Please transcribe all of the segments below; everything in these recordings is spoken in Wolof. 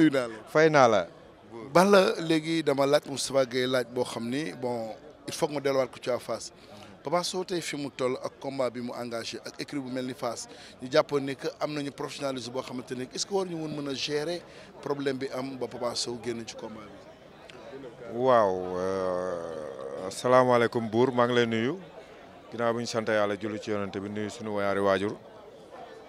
nuyu naa la fay naa la. Balla léegi dama laaj mu Gueye laaj boo xam ni bon il faut mu ma delluwaat ko ci waa fas Papa Sow tey fi mu toll ak combat bi mu engage ak écrit bu mel ni fas ñu jàppoon ne que am nañu professionnalisme boo xamante ne est-ce que war ñu woon mën a gere problème bi am ba Papa Sow génn ci combat bi. waaw euh, asalaamaaleykum Bour maa ngi lay nuyu ginnaaw bi ñu sant yàlla julli ci yonante bi nuyu suñu wayaari waajur.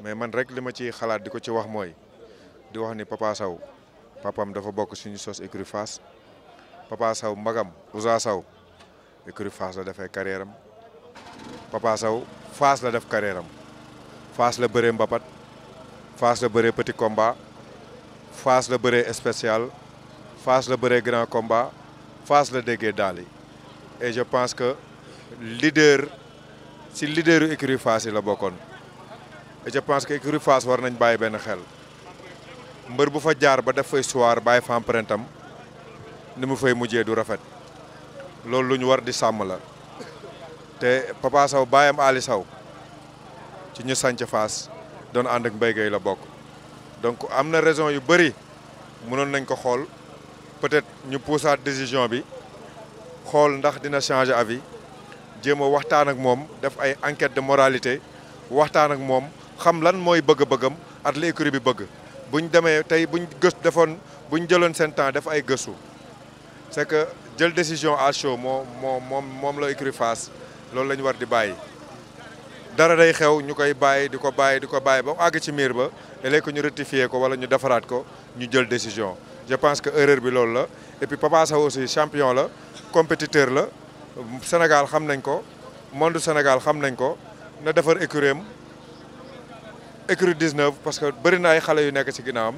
mais man rek li ma ci xalaat di ko ci wax mooy di wax ni Papa Sow papam dafa bokk suñu sos écurie Fass Papa Sow magam Ousa Sow écurie Fass la defee carrière am Papa Sow Fass la def carrière am la bëree mbapat Fass la bëree petit combat Fass la bëree spécial Fass la bëree grand komba Fass la déggee daal yi et je pense que leader si leaderu écurie Fass yi la bokkoon et je pense que écurie Fass war nañ bàyyi benn xel mbër bu fa jaar ba def fa histoire bàyyi fa empreinte ni mu fay du rafet war di sàmm la te Papa Sow baayam Ali Sow ci ñu sanc Fass doon ànd ak Mbaye Gueye la bokk donc raison yu bëri mënoon nañ ko xool peut-être ñu poussaat décision bi xool ndax dina changer avis jéem a waxtaan ak def ay enquête de moralité waxtaan ak xam lan mooy bëgg-bëggam ak li écurie bi bëgg buñ demee tey buñ gës defoon buñ jëloon seen temps def ay gëstu c'est que jël décision à moo moo moom moom la écurie Fass loolu la ñu war di bàyyi dara day xew ñu koy bàyyi di ko bàyyi di ko bàyyi ba mu àgg ci miir ba léeg ñu rectifier ko wala ñu defaraat ko ñu jël décision je pense que erreur bi loolu la et puis Papa Sow aussi champion la compétiteur la Sénégal xam nañ ko monde Sénégal xam nañ ko na defar écurie am écurie 19 parce que bëri na ay xale yu nekk ci ginnaawam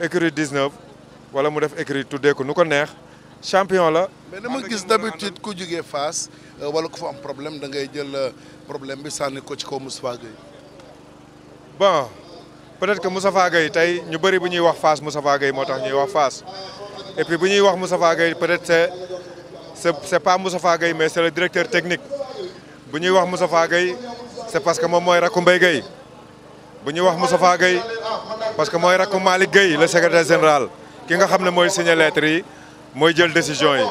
écurie 19 wala mu def écurie tuddee ko nu ko neex champion la. mais dama gis d'habitude ku jugee Fass euh, wala ku fa am problème da ngay jël euh, problème bi sànni ko ci kaw Moustapha Gueye. bon peut-être musa faa Gueye tey ñu bëri bu ñuy wax Fass Moustapha Gueye moo tax ñuy wax Fass et puis bu ñuy wax Moustapha Gueye peut-être c'est c'est c'est pas Moustapha Gueye mais c'est le directeur technique bu ñuy wax Moustapha Gueye c'est parce que moom mooy rakku Mbaye Gueye. bu ñu wax Moustapha Gueye parce que mooy rakku Malick Gueye le secrétaire général ki nga xam ne mooy signé yi mooy jël décision yi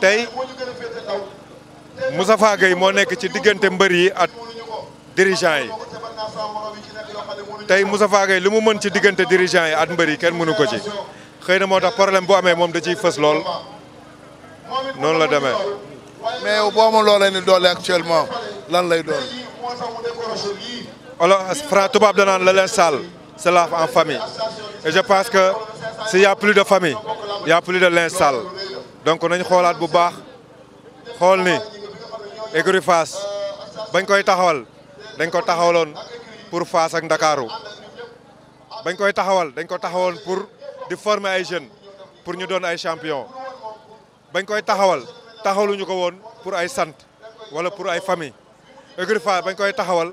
tey musa Moustapha Gueye moo nekk ci diggante mbër yi at dirigeant yi tey Moustapha Gueye li mu mën ci diggante dirigeant yi at mbër yi kenn mënu ko ci xëy na moo tax problème bu amee moom da ciy fës lool noonu la demee. mais yow boo ma loolee ni doole actuellement lan lay doon. Alors, Frère Toubab donne le linge sale, c'est là en famille. Et je pense que s'il y a plus de famille, il y a plus de linge sale. Donc on a une relation de bar, Holni, Egurifas, Benkoy Tahol, Benkoy Taholon pour Fas et Dakar. Benkoy Tahol, Benkoy Tahol pour de former les jeunes, pour nous donner des champions. Benkoy Tahol, Taholunyukowon pour les santes, voilà pour les familles. Egurifas, Benkoy Tahol,